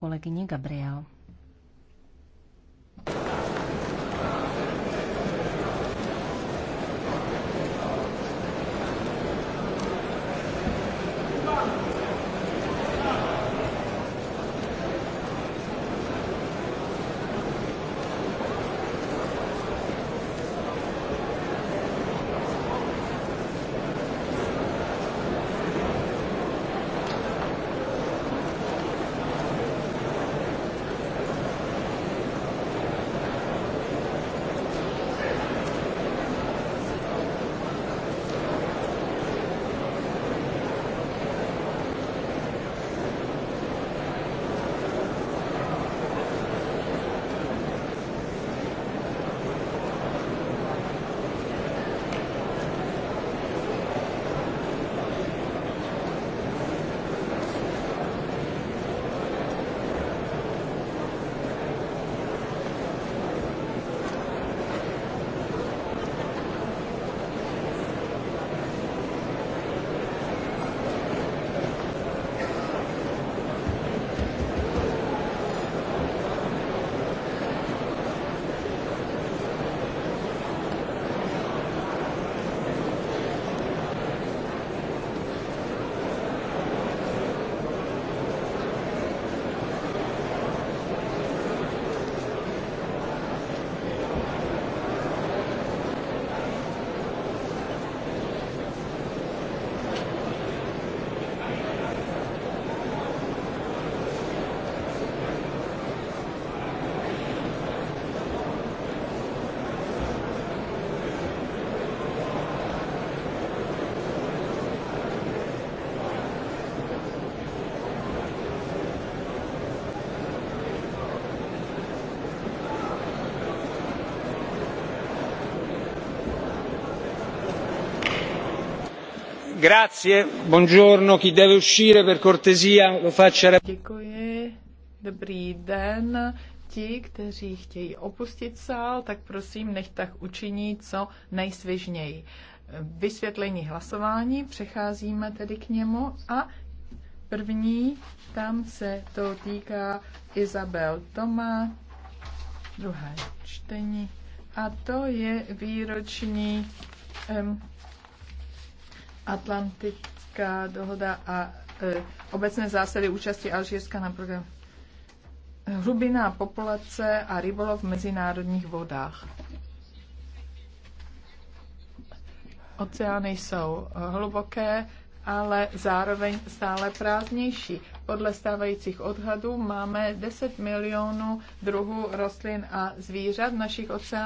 kolegyně Gabriel. dobrý den. Ti, kteří chtějí opustit sál, tak prosím, nech tak učiní co nejsvěžněji. Vysvětlení hlasování, přecházíme tedy k němu a první, tam se to týká Izabel Toma, druhé čtení a to je výroční um, Atlantická dohoda a e, obecné zásady účasti Alžírska na programu. Hrubina populace a rybolov v mezinárodních vodách. Oceány jsou hluboké, ale zároveň stále prázdnější. Podle stávajících odhadů máme 10 milionů druhů rostlin a zvířat v našich oceánů.